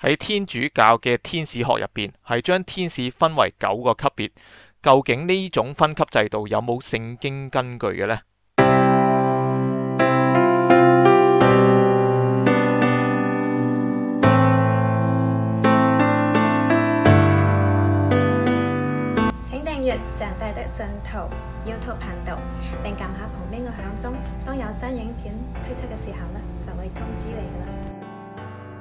喺天主教嘅天使學入邊，係將天使分為九個級別。究竟呢種分級制度有冇聖經根據嘅呢？請訂閱上帝的信徒 YouTube 頻道，並撳下旁邊嘅響鐘。當有新影片推出嘅時候呢，就會通知你噶啦。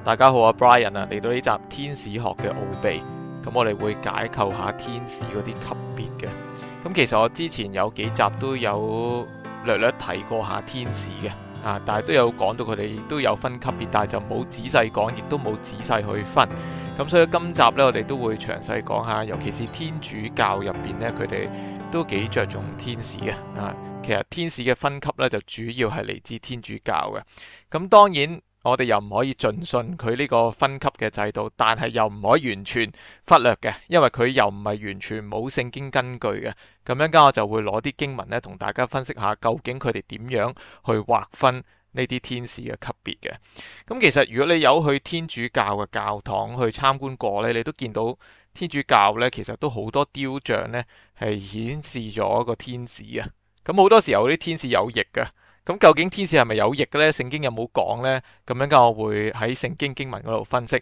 大家好啊，我係 Brian 啊，嚟到呢集天使學嘅奧秘，咁我哋會解構下天使嗰啲級別嘅。咁其實我之前有幾集都有略略提過下天使嘅，啊，但係都有講到佢哋都有分級別，但係就冇仔細講，亦都冇仔細去分。咁所以今集呢，我哋都會詳細講下，尤其是天主教入邊呢，佢哋都幾着重天使嘅。啊，其實天使嘅分級呢，就主要係嚟自天主教嘅。咁當然。我哋又唔可以盡信佢呢個分級嘅制度，但係又唔可以完全忽略嘅，因為佢又唔係完全冇聖經根據嘅。咁一陣間我就會攞啲經文咧，同大家分析下究竟佢哋點樣去劃分呢啲天使嘅級別嘅。咁、嗯、其實如果你有去天主教嘅教堂去參觀過呢，你都見到天主教呢，其實都好多雕像呢，係顯示咗一個天使啊。咁、嗯、好多時候啲天使有翼嘅。咁、嗯、究竟天使係咪有翼嘅咧？聖經有冇講咧？咁樣，咁我會喺聖經經文嗰度分析。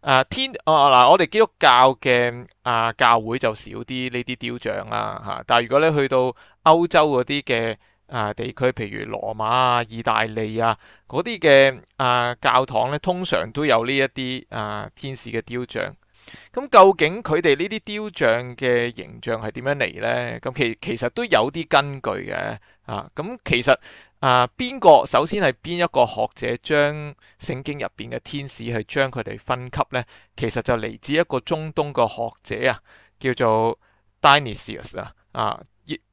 啊、天，哦、啊、嗱、啊，我哋基督教嘅啊教會就少啲呢啲雕像啊吓。但係如果你去到歐洲嗰啲嘅啊地區，譬如羅馬啊、意大利啊嗰啲嘅啊教堂咧，通常都有呢一啲啊天使嘅雕像。咁究竟佢哋呢啲雕像嘅形象係點樣嚟呢？咁其其實都有啲根據嘅啊。咁其實啊，邊個首先係邊一個學者將聖經入邊嘅天使去將佢哋分級呢？其實就嚟自一個中東嘅學者啊，叫做 Dionysius 啊，啊，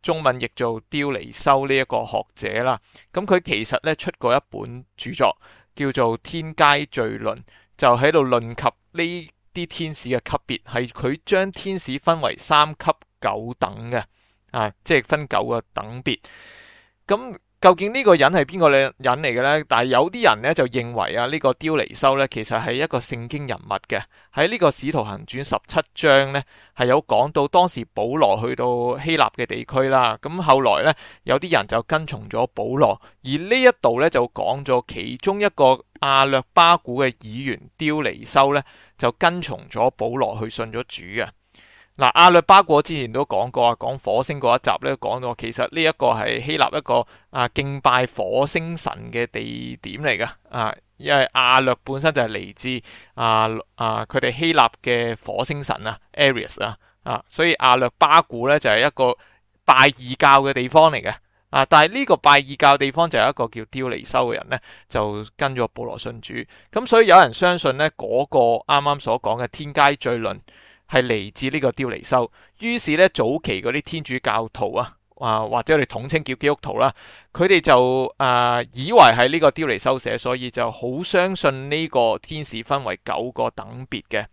中文譯做雕尼修呢一個學者啦。咁、啊、佢其實呢出過一本著作，叫做《天階序論》，就喺度論及呢。啲天使嘅級別，係佢將天使分為三級九等嘅，啊，即係分九個等別，咁。究竟呢個人係邊個嚟人嚟嘅呢？但係有啲人呢，就認為啊，呢個丟尼修呢，其實係一個聖經人物嘅喺，呢個使徒行傳十七章呢，係有講到當時保羅去到希臘嘅地區啦。咁後來呢，有啲人就跟從咗保羅，而呢一度呢，就講咗其中一個亞略巴古嘅議員丟尼修呢，就跟從咗保羅去信咗主啊。嗱，亞略巴古之前都講過啊，講火星嗰一集咧，講咗。其實呢一個係希臘一個啊敬拜火星神嘅地點嚟㗎，啊，因為亞略本身就係嚟自啊啊佢哋希臘嘅火星神啊 Aries 啊，啊，所以亞略巴古咧就係、是、一個拜異教嘅地方嚟嘅，啊，但係呢個拜異教地方就有一個叫丟尼修嘅人咧就跟咗保羅信主，咁所以有人相信咧嗰、那個啱啱所講嘅天階罪論。係嚟自呢個丟尼修，於是呢，早期嗰啲天主教徒啊，啊或者我哋統稱叫基督徒啦，佢、啊、哋就啊以為係呢個丟尼修寫，所以就好相信呢個天使分為九個等別嘅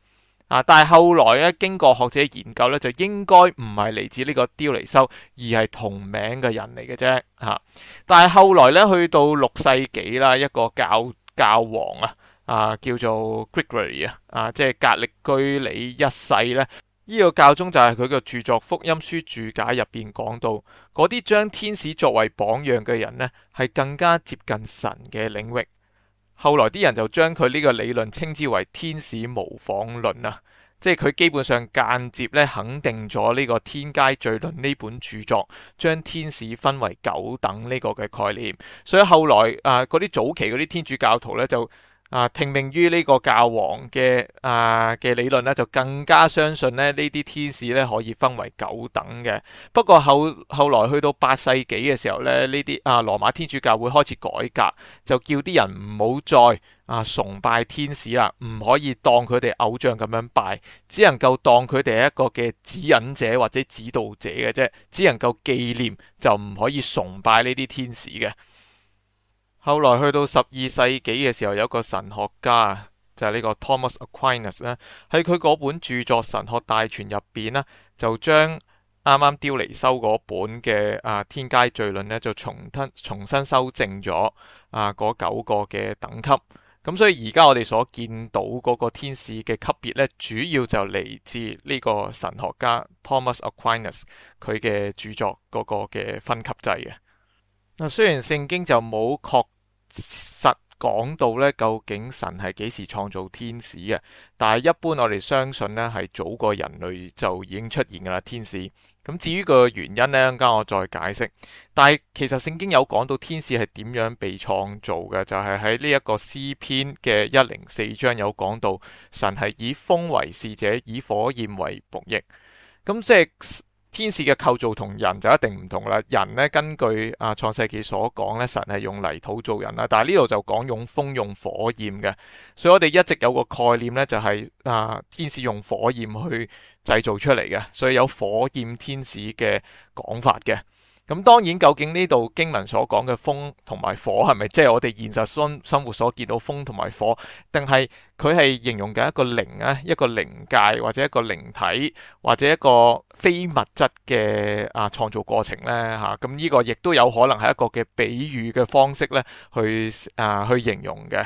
啊。但係後來咧，經過學者研究咧，就應該唔係嚟自呢個丟尼修，而係同名嘅人嚟嘅啫嚇。但係後來咧，去到六世紀啦，一個教教皇啊。啊，叫做 Gregory 啊，啊，即係格力居里一世咧。呢個教宗就係佢個著作《福音書注解》入邊講到，嗰啲將天使作為榜樣嘅人呢，係更加接近神嘅領域。後來啲人就將佢呢個理論稱之為天使模仿論啊，即係佢基本上間接咧肯定咗呢個《天階罪論》呢本著作，將天使分為九等呢個嘅概念。所以後來啊，嗰啲早期嗰啲天主教徒呢，就。啊，聽命於呢個教皇嘅啊，嘅理論咧，就更加相信咧呢啲天使咧可以分為九等嘅。不過後後來去到八世紀嘅時候咧，呢啲啊羅馬天主教會開始改革，就叫啲人唔好再啊崇拜天使啦，唔可以當佢哋偶像咁樣拜，只能夠當佢哋係一個嘅指引者或者指導者嘅啫，只能夠紀念就唔可以崇拜呢啲天使嘅。後來去到十二世紀嘅時候，有一個神學家就係、是、呢個 Thomas Aquinas 啦，喺佢嗰本著作《神學大全》入邊咧，就將啱啱丟尼修嗰本嘅啊《天階序論》咧，就重新重新修正咗啊嗰九個嘅等級。咁所以而家我哋所見到嗰個天使嘅級別咧，主要就嚟自呢個神學家 Thomas Aquinas 佢嘅著作嗰個嘅分級制嘅。嗱、啊，雖然聖經就冇確。實講到咧，究竟神係幾時創造天使嘅？但係一般我哋相信呢，係早過人類就已經出現噶啦天使。咁至於個原因呢，陣間我再解釋。但係其實聖經有講到天使係點樣被創造嘅，就係喺呢一個詩篇嘅一零四章有講到，神係以風為使者，以火焰為僕役。咁即係。天使嘅構造同人就一定唔同啦，人咧根據《啊創世記》所講咧，神係用泥土做人啦，但係呢度就講用風用火焰嘅，所以我哋一直有個概念咧，就係、是、啊天使用火焰去製造出嚟嘅，所以有火焰天使嘅講法嘅。咁當然，究竟呢度經文所講嘅風同埋火係咪即係我哋現實生生活所見到風同埋火，定係佢係形容嘅一個靈啊，一個靈界或者一個靈體，或者一個非物質嘅啊創造過程呢？嚇、啊？咁呢個亦都有可能係一個嘅比喻嘅方式呢去啊去形容嘅。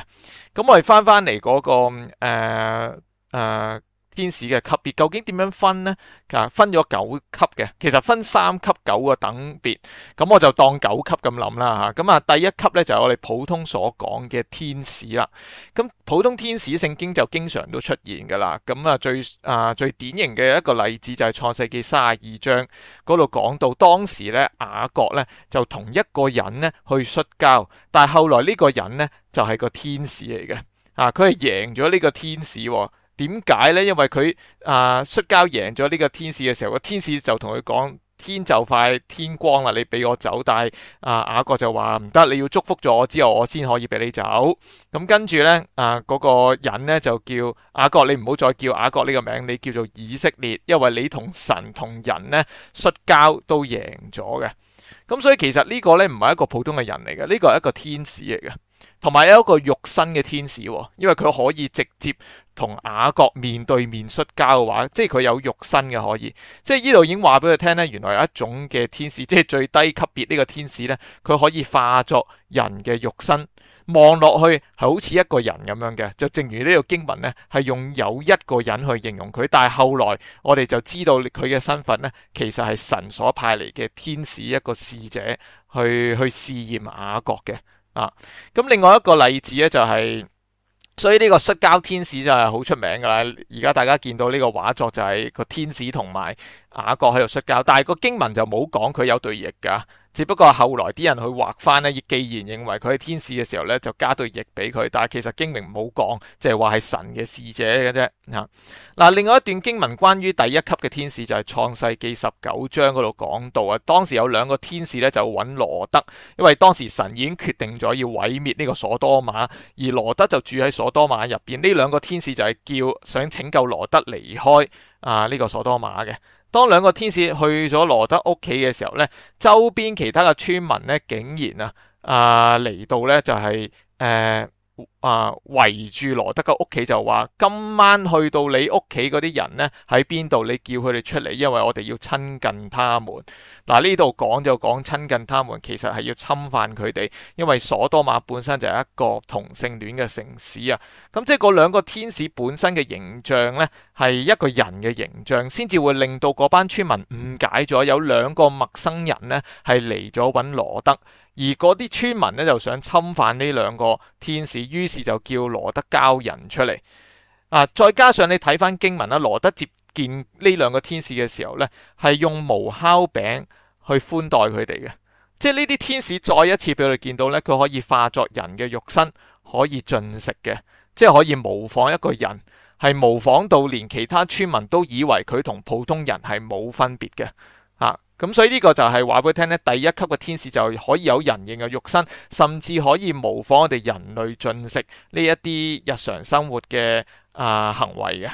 咁我哋翻翻嚟嗰個誒、呃呃天使嘅級別究竟點樣分呢？啊，分咗九級嘅，其實分三級九個等別，咁我就當九級咁諗啦吓。咁啊，第一級咧就係、我哋普通所講嘅天使啦。咁、啊、普通天使聖經就經常都出現噶啦。咁啊，最啊最典型嘅一個例子就係創世紀三十二章嗰度講到當時咧雅各咧就同一個人咧去摔跤，但係後來呢個人咧就係、係、個天使嚟嘅啊，佢係贏咗呢個天使喎。點解呢？因為佢啊摔跤贏咗呢個天使嘅時候，個天使就同佢講：天就快天光啦，你俾我走。但係啊雅各就話唔得，你要祝福咗我之後，我先可以俾你走。咁、嗯、跟住呢，啊、呃、嗰、那個人呢就叫雅各，你唔好再叫雅各呢個名，你叫做以色列，因為你同神同人呢摔跤都贏咗嘅。咁、嗯、所以其實呢個呢，唔係一個普通嘅人嚟嘅，呢、這個係一個天使嚟嘅。同埋有一個肉身嘅天使，因為佢可以直接同雅各面對面摔跤嘅話，即係佢有肉身嘅。可以，即係呢度已經話俾佢聽咧，原來有一種嘅天使，即係最低級別呢個天使呢，佢可以化作人嘅肉身，望落去係好似一個人咁樣嘅，就正如呢度經文呢，係用有一個人去形容佢，但係後來我哋就知道佢嘅身份呢，其實係神所派嚟嘅天使一個使者去去試驗雅各嘅。啊，咁另外一個例子咧就係、是，所以呢個摔跤天使就係好出名噶啦。而家大家見到呢個畫作就係個天使同埋雅各喺度摔跤，但係個經文就冇講佢有對翼噶。只不過後來啲人去畫翻呢，亦既然認為佢係天使嘅時候呢，就加對翼俾佢。但係其實經文唔好講，即係話係神嘅使者嘅啫。嗱，嗱，另外一段經文關於第一級嘅天使就係、是、創世記十九章嗰度講到啊，當時有兩個天使呢，就揾羅德，因為當時神已經決定咗要毀滅呢個所多瑪，而羅德就住喺所多瑪入邊。呢兩個天使就係叫想拯救羅德離開啊呢、這個所多瑪嘅。當兩個天使去咗羅德屋企嘅時候呢，周邊其他嘅村民呢，竟然啊啊嚟到呢就係、是、誒。呃啊！圍住羅德嘅屋企就話，今晚去到你屋企嗰啲人咧喺邊度？你叫佢哋出嚟，因為我哋要親近他們。嗱，呢度講就講親近他們，其實係要侵犯佢哋，因為索多瑪本身就係一個同性戀嘅城市啊。咁即係兩個天使本身嘅形象咧，係一個人嘅形象，先至會令到班村民誤解咗有兩個陌生人咧係嚟咗揾羅德，而嗰啲村民咧就想侵犯呢兩個天使，於。就叫羅得交人出嚟。啊，再加上你睇翻經文啦，羅得接見呢兩個天使嘅時候呢，係用無酵餅去寬待佢哋嘅，即係呢啲天使再一次俾佢哋見到呢，佢可以化作人嘅肉身，可以進食嘅，即係可以模仿一個人，係模仿到連其他村民都以為佢同普通人係冇分別嘅。咁所以呢個就係話畀你聽咧，第一級嘅天使就可以有人形嘅肉身，甚至可以模仿我哋人類進食呢一啲日常生活嘅啊、呃、行為嘅。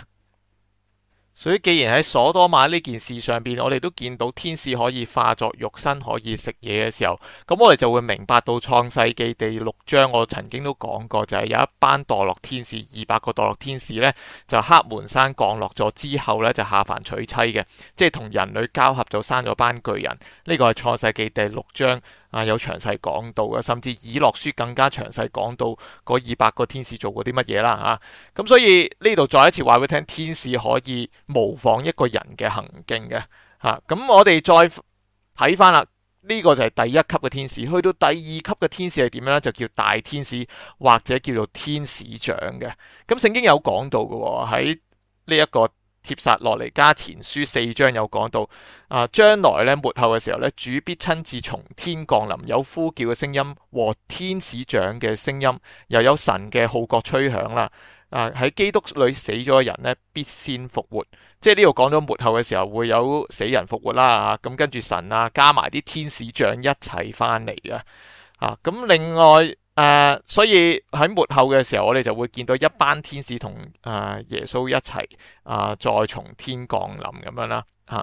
所以既然喺所多瑪呢件事上邊，我哋都見到天使可以化作肉身，可以食嘢嘅時候，咁我哋就會明白到創世紀第六章，我曾經都講過，就係有一班墮落天使，二百個墮落天使呢，就黑門山降落咗之後呢，就下凡娶妻嘅，即係同人類交合就生咗班巨人。呢個係創世紀第六章。啊，有詳細講到嘅，甚至《以諾書》更加詳細講到個二百個天使做過啲乜嘢啦，嚇、啊！咁所以呢度再一次話俾你聽，天使可以模仿一個人嘅行徑嘅，嚇、啊！咁我哋再睇翻啦，呢、這個就係第一級嘅天使，去到第二級嘅天使係點樣呢？就叫大天使或者叫做天使長嘅。咁、啊、聖經有講到嘅喎，喺呢一個。帖撒羅尼迦前書四章有講到啊，將來咧末後嘅時候咧，主必親自從天降臨，有呼叫嘅聲音和天使長嘅聲音，又有神嘅號角吹響啦。啊，喺基督裏死咗嘅人咧，必先復活。即係呢度講到末後嘅時候會有死人復活啦。咁、啊、跟住神啊，加埋啲天使長一齊翻嚟啊。啊，咁另外。誒，uh, 所以喺末後嘅時候，我哋就會見到一班天使同誒耶穌一齊啊，再從天降臨咁樣啦。吓，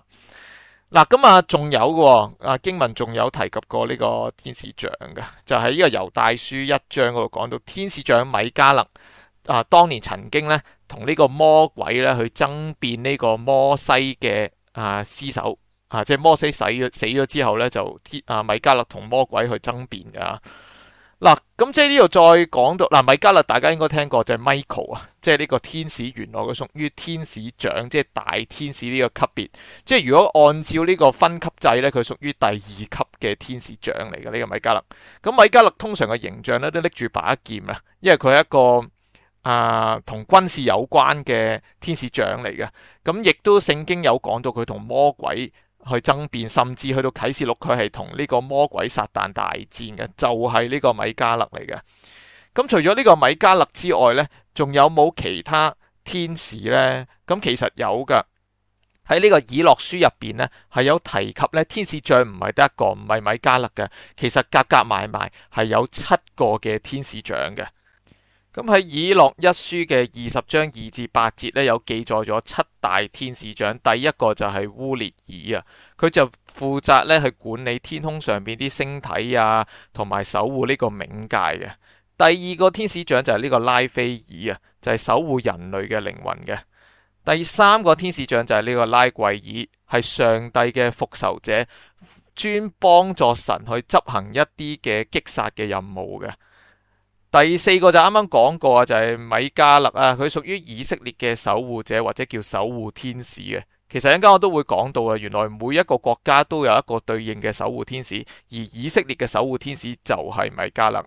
嗱咁啊，仲、嗯、有嘅，啊經文仲有提及過呢個天使長嘅，就喺、是、呢個猶大書一章嗰度講到天使長米迦勒啊，當年曾經呢，同呢個魔鬼呢去爭辯呢個摩西嘅啊屍首啊，即係摩西死咗死咗之後呢，就天啊米迦勒同魔鬼去爭辯嘅。啊嗱，咁即係呢度再講到，嗱，米迦勒大家應該聽過，就係 Michael 啊，即係呢個天使，原來佢屬於天使長，即係大天使呢個級別。即係如果按照呢個分級制咧，佢屬於第二級嘅天使長嚟嘅呢個米迦勒。咁米迦勒通常嘅形象咧都拎住把劍啊，因為佢係一個啊同、呃、軍事有關嘅天使長嚟嘅。咁亦都聖經有講到佢同魔鬼。去爭辯，甚至去到啟示錄，佢係同呢個魔鬼撒旦大戰嘅，就係、是、呢個米迦勒嚟嘅。咁、嗯、除咗呢個米迦勒之外呢，仲有冇其他天使呢？咁、嗯、其實有噶，喺呢個以諾書入邊呢，係有提及咧，天使長唔係得一個，唔係米迦勒嘅，其實夾夾埋埋係有七個嘅天使長嘅。咁喺《以諾一書》嘅二十章二至八節呢，有記載咗七大天使長。第一個就係烏列爾啊，佢就負責呢去管理天空上邊啲星體啊，同埋守護呢個冥界嘅。第二個天使長就係呢個拉斐爾啊，就係、是、守護人類嘅靈魂嘅。第三個天使長就係呢個拉貴爾，係上帝嘅復仇者，專幫助神去執行一啲嘅擊殺嘅任務嘅。第四個就啱啱講過啊，就係、是、米加勒啊，佢屬於以色列嘅守護者或者叫守護天使嘅。其實一陣間我都會講到啊，原來每一個國家都有一個對應嘅守護天使，而以色列嘅守護天使就係米加勒。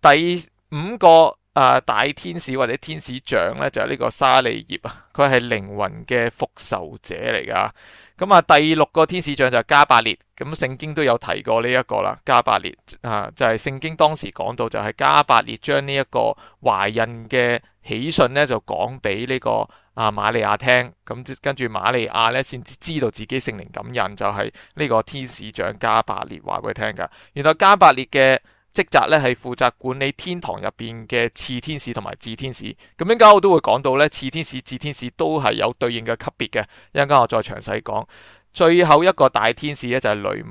第五個啊、呃、大天使或者天使長呢，就係、是、呢個沙利葉啊，佢係靈魂嘅復仇者嚟噶。咁啊、嗯，第六個天使長就係加百列，咁、嗯、聖經都有提過呢、這、一個啦。加百列啊，就係、是、聖經當時講到就係加百列將呢一個懷孕嘅喜訊咧，就講俾呢、這個啊瑪利亞聽。咁跟住瑪利亞咧先知道自己聖靈感孕，就係、是、呢個天使長加百列話俾佢聽噶。原來加百列嘅職責咧係負責管理天堂入邊嘅熾天使同埋智天使，咁一陣間我都會講到咧，熾天使、智天使都係有對應嘅級別嘅，一陣間我再詳細講。最後一個大天使咧就係雷米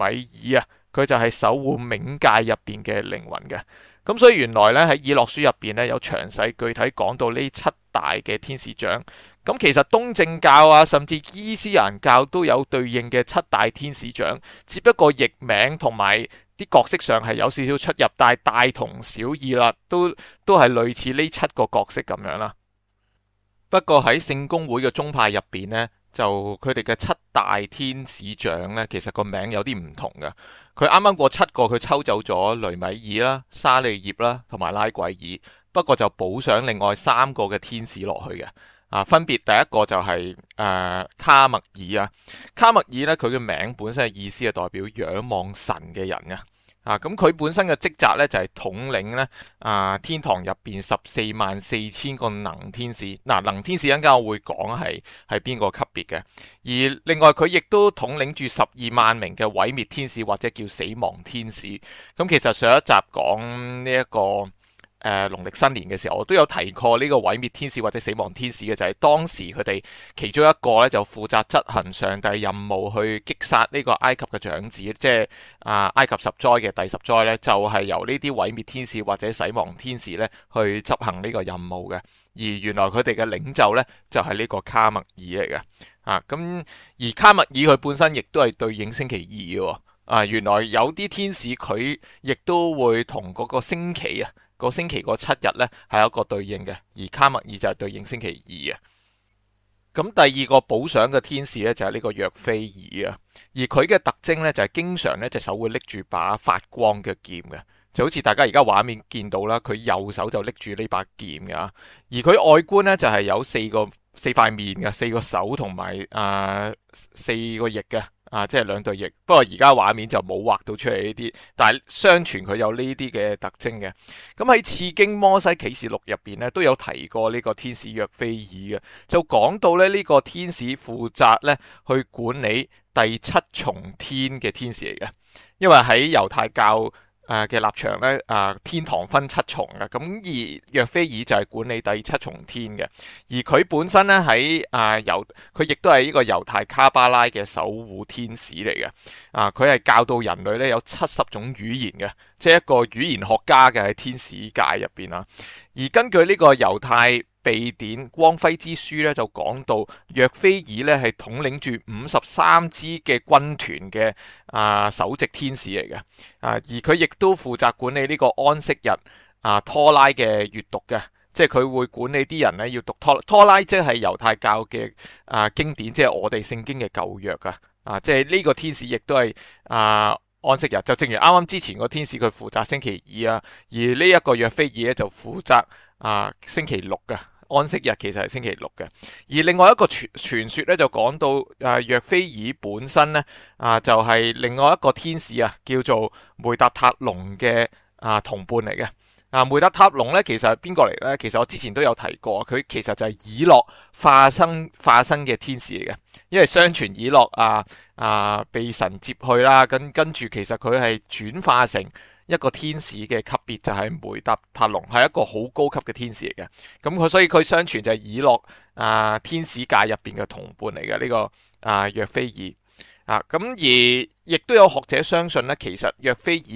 爾啊，佢就係守護冥界入邊嘅靈魂嘅。咁所以原來咧，喺以諾書入邊咧有詳細具體講到呢七大嘅天使長。咁其實東正教啊，甚至伊斯蘭教都有對應嘅七大天使長，只不過譯名同埋。啲角色上係有少少出入，但係大同小異啦，都都係類似呢七個角色咁樣啦。不過喺聖公會嘅宗派入邊呢，就佢哋嘅七大天使長呢，其實個名有啲唔同嘅。佢啱啱過七個，佢抽走咗雷米爾啦、沙利葉啦同埋拉貴爾，不過就補上另外三個嘅天使落去嘅。啊，分別第一個就係、是、誒、呃、卡麥爾啊，卡麥爾咧佢嘅名本身嘅意思係代表仰望神嘅人啊，啊咁佢本身嘅職責咧就係、是、統領咧啊、呃、天堂入邊十四萬四千個能天使，嗱、啊、能天使一陣間我會講係係邊個級別嘅，而另外佢亦都統領住十二萬名嘅毀滅天使或者叫死亡天使，咁、啊、其實上一集講呢一個。誒，農曆、呃、新年嘅時候，我都有提過呢個毀滅天使或者死亡天使嘅就係、是、當時佢哋其中一個咧就負責執行上帝任務去擊殺呢個埃及嘅長子，即係啊、呃、埃及十災嘅第十災呢，就係、是、由呢啲毀滅天使或者死亡天使呢去執行呢個任務嘅。而原來佢哋嘅領袖呢，就係、是、呢個卡麥爾嚟嘅啊。咁而卡麥爾佢本身亦都係對應星期二嘅。啊，原來有啲天使佢亦都會同嗰個星期啊。個星期七日呢係一個對應嘅，而卡麥爾就係對應星期二啊。咁第二個保賞嘅天使呢，就係、是、呢個若菲爾啊，而佢嘅特徵呢，就係、是、經常呢隻手會拎住把發光嘅劍嘅，就好似大家而家畫面見到啦，佢右手就拎住呢把劍嘅。而佢外觀呢，就係、是、有四個四塊面嘅，四個手同埋啊四個翼嘅。啊，即係兩對翼，不過而家畫面就冇畫到出嚟呢啲，但係相傳佢有呢啲嘅特徵嘅。咁喺《次經摩西紀事錄》入邊咧都有提過呢個天使約菲爾嘅，就講到咧呢、呢個天使負責咧去管理第七重天嘅天使嚟嘅，因為喺猶太教。誒嘅、呃、立場咧，誒、呃、天堂分七重嘅，咁而若非爾就係管理第七重天嘅。而佢本身咧喺誒猶，佢亦都係呢個猶太卡巴拉嘅守護天使嚟嘅。啊佢係教導人類咧有七十種語言嘅，即係一個語言學家嘅喺天使界入邊啊，而根據呢個猶太《秘典光輝之書》咧就講到，約菲爾咧係統領住五十三支嘅軍團嘅啊首席天使嚟嘅啊，而佢亦都負責管理呢個安息日啊托拉嘅閱讀嘅，即係佢會管理啲人咧要讀拖托拉，即係猶太教嘅啊經典，即係我哋聖經嘅舊約噶啊，即係呢個天使亦都係啊安息日，就正如啱啱之前個天使佢負責星期二啊，而呢一個約菲爾咧就負責啊星期六噶啊。安息日其實係星期六嘅，而另外一個傳傳說咧就講到啊，若非爾本身咧啊就係、是、另外一個天使啊，叫做梅達塔隆嘅啊同伴嚟嘅啊，梅達塔隆咧其實係邊個嚟咧？其實我之前都有提過，佢其實就係以諾化身化身嘅天使嚟嘅，因為相傳以諾啊啊被神接去啦，咁跟住其實佢係轉化成。一個天使嘅級別就係梅達塔隆，係一個好高級嘅天使嚟嘅。咁、嗯、佢所以佢相傳就係以諾啊、呃、天使界入邊嘅同伴嚟嘅呢個啊約非爾啊。咁而亦都有學者相信呢，其實約非爾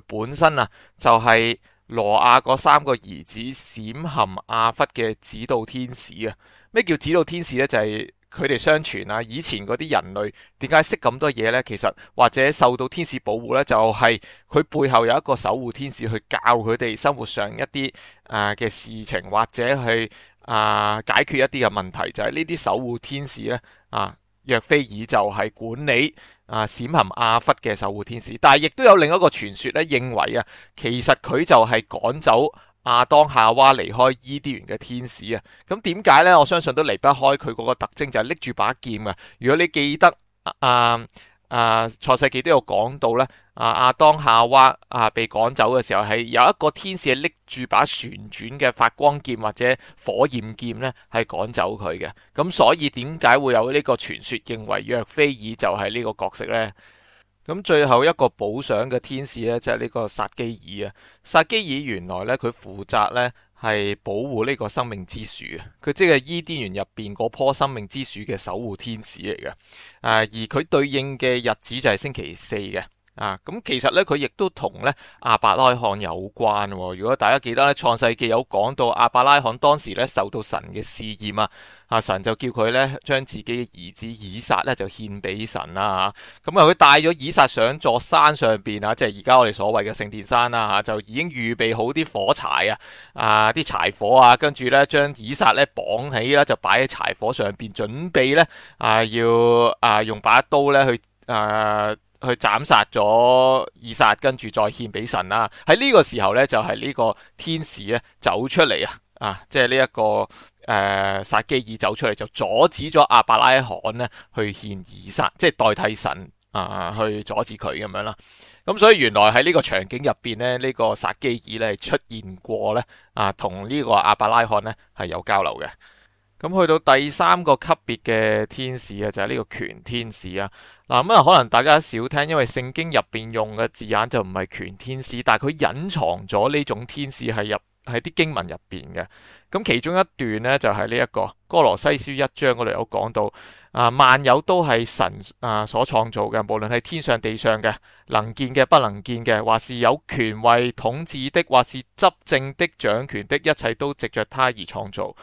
佢本身啊就係、是、羅亞嗰三個兒子閃含阿弗嘅指導天使啊。咩叫指導天使呢？就係、是。佢哋相傳啊，以前嗰啲人類點解識咁多嘢呢？其實或者受到天使保護呢，就係、是、佢背後有一個守護天使去教佢哋生活上一啲啊嘅事情，或者去啊、呃、解決一啲嘅問題，就係呢啲守護天使呢，啊，若非爾就係管理啊閃含阿弗嘅守護天使，但係亦都有另一個傳說呢，認為啊，其實佢就係趕走。亞當夏娃離開伊甸園嘅天使啊，咁點解呢？我相信都離不開佢嗰個特徵，就係拎住把劍啊。如果你記得啊啊創世記，都有講到呢，啊亞、啊啊、當夏娃啊被趕走嘅時候係有一個天使係拎住把旋轉嘅發光劍或者火焰劍呢，係趕走佢嘅。咁所以點解會有呢個傳說認為約菲爾就係呢個角色呢？咁最後一個補賞嘅天使咧，就係、是、呢個薩基爾啊。薩基爾原來咧，佢負責咧係保護呢個生命之樹嘅，佢即係伊甸園入邊嗰棵生命之樹嘅守護天使嚟嘅。誒，而佢對應嘅日子就係星期四嘅。啊，咁其實咧，佢亦都同咧亞伯拉罕有關。如果大家記得咧，《創世記》有講到亞伯拉罕當時咧受到神嘅試驗啊，啊神就叫佢咧將自己嘅兒子以撒咧就獻俾神啦。吓，咁啊，佢帶咗以撒上座山上邊啊，即係而家我哋所謂嘅聖殿山啦。吓、啊，就已經預備好啲火柴，啊，柴，火啊，柴火啊，啊，啊，啊啲柴火啊，跟住咧將以撒咧綁起啦，就擺喺柴火上邊，準備咧啊要啊用把刀咧去啊。去斬殺咗以撒，跟住再獻俾神啦。喺呢個時候呢，就係呢個天使咧走出嚟啊，啊，即係呢一個誒薩、呃、基爾走出嚟，就阻止咗亞伯拉罕咧去獻以撒，即係代替神啊去阻止佢咁樣啦。咁所以原來喺呢個場景入邊、這個、呢，呢個薩基爾咧出現過呢，啊，同呢個亞伯拉罕咧係有交流嘅。咁去到第三個級別嘅天使啊，就係、是、呢個權天使啊。嗱咁啊，可能大家少聽，因為聖經入邊用嘅字眼就唔係權天使，但係佢隱藏咗呢種天使喺入喺啲經文入邊嘅。咁其中一段呢、這個，就係呢一個哥羅西書一章嗰度有講到啊，萬有都係神啊所創造嘅，無論係天上地上嘅，能見嘅不能見嘅，或是有權位統治的，或是執政的掌權的一切，都藉着他而創造。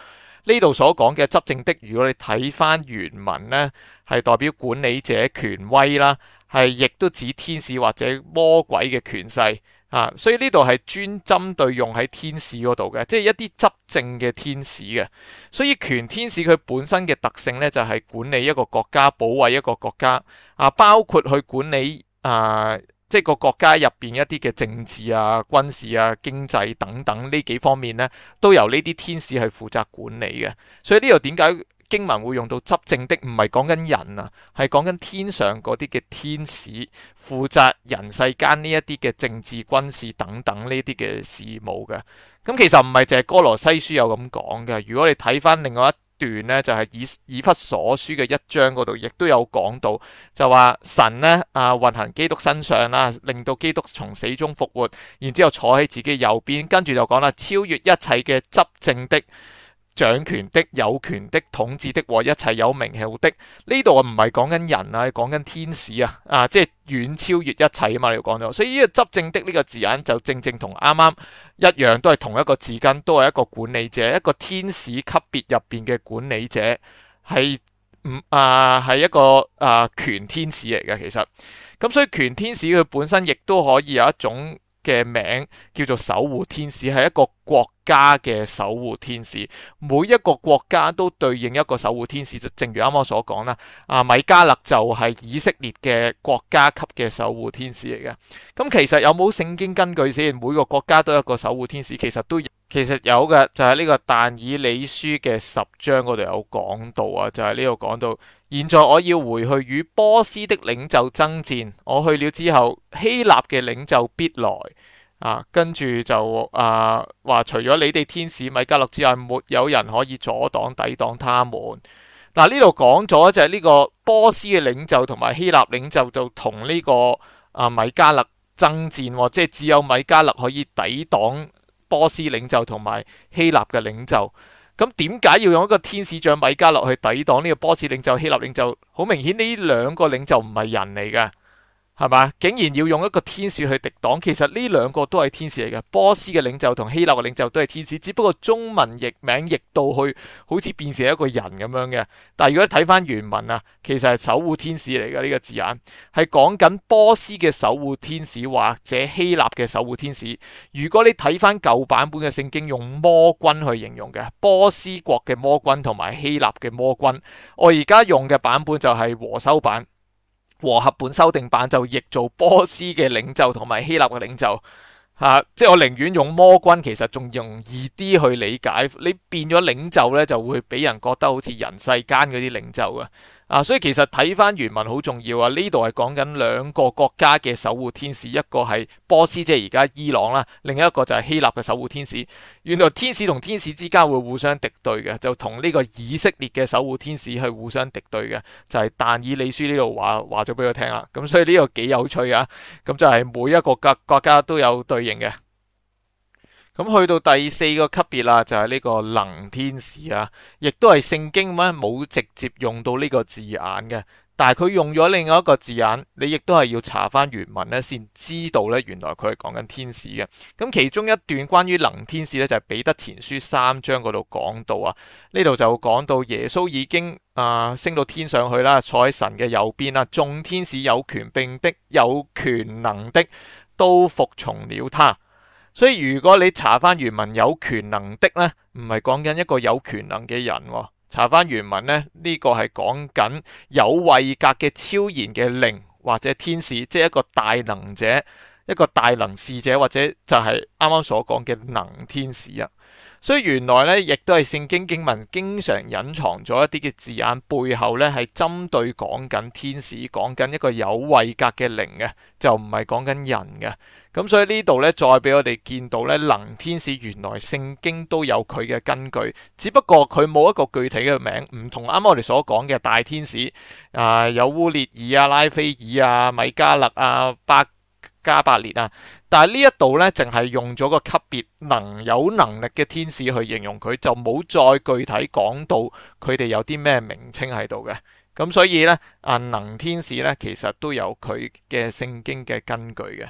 呢度所講嘅執政的，如果你睇翻原文呢，係代表管理者權威啦，係亦都指天使或者魔鬼嘅權勢啊，所以呢度係專針對用喺天使嗰度嘅，即係一啲執政嘅天使嘅。所以權天使佢本身嘅特性呢，就係管理一個國家，保衞一個國家啊，包括去管理啊。呃即係個國家入邊一啲嘅政治啊、軍事啊、經濟、啊、經濟等等呢幾方面呢，都由呢啲天使去負責管理嘅。所以呢度點解經文會用到執政的？唔係講緊人啊，係講緊天上嗰啲嘅天使負責人世間呢一啲嘅政治、軍事等等呢啲嘅事務嘅。咁其實唔係淨係哥羅西書有咁講嘅。如果你睇翻另外一段呢就係以，以弗所書嘅一章嗰度，亦都有講到，就話神呢啊運行基督身上啦，令到基督從死中復活，然之後坐喺自己右邊，跟住就講啦，超越一切嘅執政的。掌權的、有權的、統治的和一切有名氣的，呢度唔係講緊人啊，講緊天使啊，啊即係遠超越一切啊嘛，你要講咗，所以呢個執政的呢個字眼就正正同啱啱一樣，都係同一個字根，都係一個管理者，一個天使級別入邊嘅管理者，係唔啊係一個啊、呃、權天使嚟嘅，其實咁所以權天使佢本身亦都可以有一種嘅名叫做守護天使，係一個國家嘅守護天使，每一個國家都對應一個守護天使。就正如啱啱所講啦，阿、啊、米加勒就係以色列嘅國家級嘅守護天使嚟嘅。咁、嗯、其實有冇聖經根據先？每個國家都有一個守護天使，其實都有其實有嘅，就喺、是、呢個但以理書嘅十章嗰度有講到啊，就係呢度講到，現在我要回去與波斯的領袖爭戰，我去了之後，希臘嘅領袖必來。啊，跟住就啊，話除咗你哋天使米迦勒之外，沒有人可以阻擋抵擋他們。嗱、啊，呢度講咗就係呢個波斯嘅領袖同埋希臘領袖就同呢，這個啊米迦勒爭戰，哦，即係只有米迦勒可以抵擋波斯領袖同埋希臘嘅領袖。咁點解要用一個天使長米迦勒去抵擋呢個波斯領袖希臘領袖？好明顯呢兩個領袖唔係人嚟㗎。係嘛？竟然要用一個天使去敵擋，其實呢兩個都係天使嚟嘅。波斯嘅領袖同希臘嘅領袖都係天使，只不過中文譯名譯到去好似變成一個人咁樣嘅。但係如果睇翻原文啊，其實係守護天使嚟嘅呢個字眼，係講緊波斯嘅守護天使或者希臘嘅守護天使。如果你睇翻舊版本嘅聖經，用魔君去形容嘅波斯國嘅魔君同埋希臘嘅魔君。我而家用嘅版本就係和修版。和合本修訂版就譯做波斯嘅領袖同埋希臘嘅領袖，嚇、啊，即係我寧願用魔君其實仲容易啲去理解，你變咗領袖呢，就會俾人覺得好似人世間嗰啲領袖啊。啊，所以其實睇翻原文好重要啊！呢度係講緊兩個國家嘅守護天使，一個係波斯，即係而家伊朗啦，另一個就係希臘嘅守護天使。原來天使同天使之間會互相敵對嘅，就同呢個以色列嘅守護天使去互相敵對嘅，就係但以理書呢度話話咗俾我聽啦。咁所以呢個幾有趣啊！咁就係每一個國國家都有對應嘅。咁去到第四個級別啦，就係、是、呢個能天使啊，亦都係聖經咧冇直接用到呢個字眼嘅，但係佢用咗另外一個字眼，你亦都係要查翻原文咧先知道咧，原來佢係講緊天使嘅。咁其中一段關於能天使咧，就係、是、彼得前書三章嗰度講到啊，呢度就講到耶穌已經啊、呃、升到天上去啦，坐喺神嘅右邊啦，眾天使有權柄的、有權能的都服從了他。所以如果你查翻原文有權能的呢，唔係講緊一個有權能嘅人喎，查翻原文呢，呢、呢個係講緊有位格嘅超然嘅靈或者天使，即係一個大能者，一個大能使者，或者就係啱啱所講嘅能天使啊。所以原來呢，亦都係聖經經文經常隱藏咗一啲嘅字眼，背後呢，係針對講緊天使，講緊一個有位格嘅靈嘅，就唔係講緊人嘅。咁所以呢度呢，再俾我哋見到呢，能天使原來聖經都有佢嘅根據，只不過佢冇一個具體嘅名，唔同啱啱我哋所講嘅大天使啊、呃，有烏列爾啊、拉斐爾啊、米迦勒啊、巴。加百列啊！但係呢一度呢，淨係用咗個級別能有能力嘅天使去形容佢，就冇再具體講到佢哋有啲咩名稱喺度嘅。咁所以呢，能天使呢，其實都有佢嘅聖經嘅根據嘅。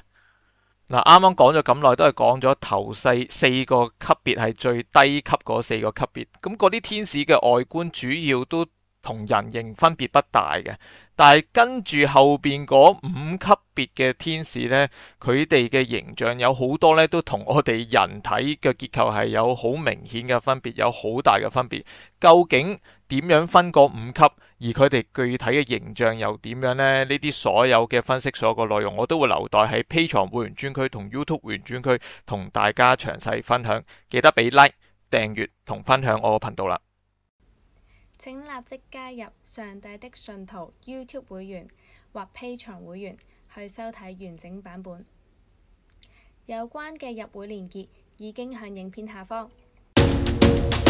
嗱，啱啱講咗咁耐，都係講咗頭先四個級別係最低級嗰四個級別。咁嗰啲天使嘅外觀主要都同人形分別不大嘅，但係跟住後邊嗰五級別嘅天使呢，佢哋嘅形象有好多呢，都同我哋人體嘅結構係有好明顯嘅分別，有好大嘅分別。究竟點樣分個五級，而佢哋具體嘅形象又點樣呢？呢啲所有嘅分析，所有嘅內容，我都會留待喺 Patreon 會員專區同 YouTube 會員專區同大家詳細分享。記得俾 like、訂閱同分享我嘅頻道啦。請立即加入上帝的信徒 YouTube 會員或 Patreon 會員去收睇完整版本。有關嘅入會連結已經喺影片下方。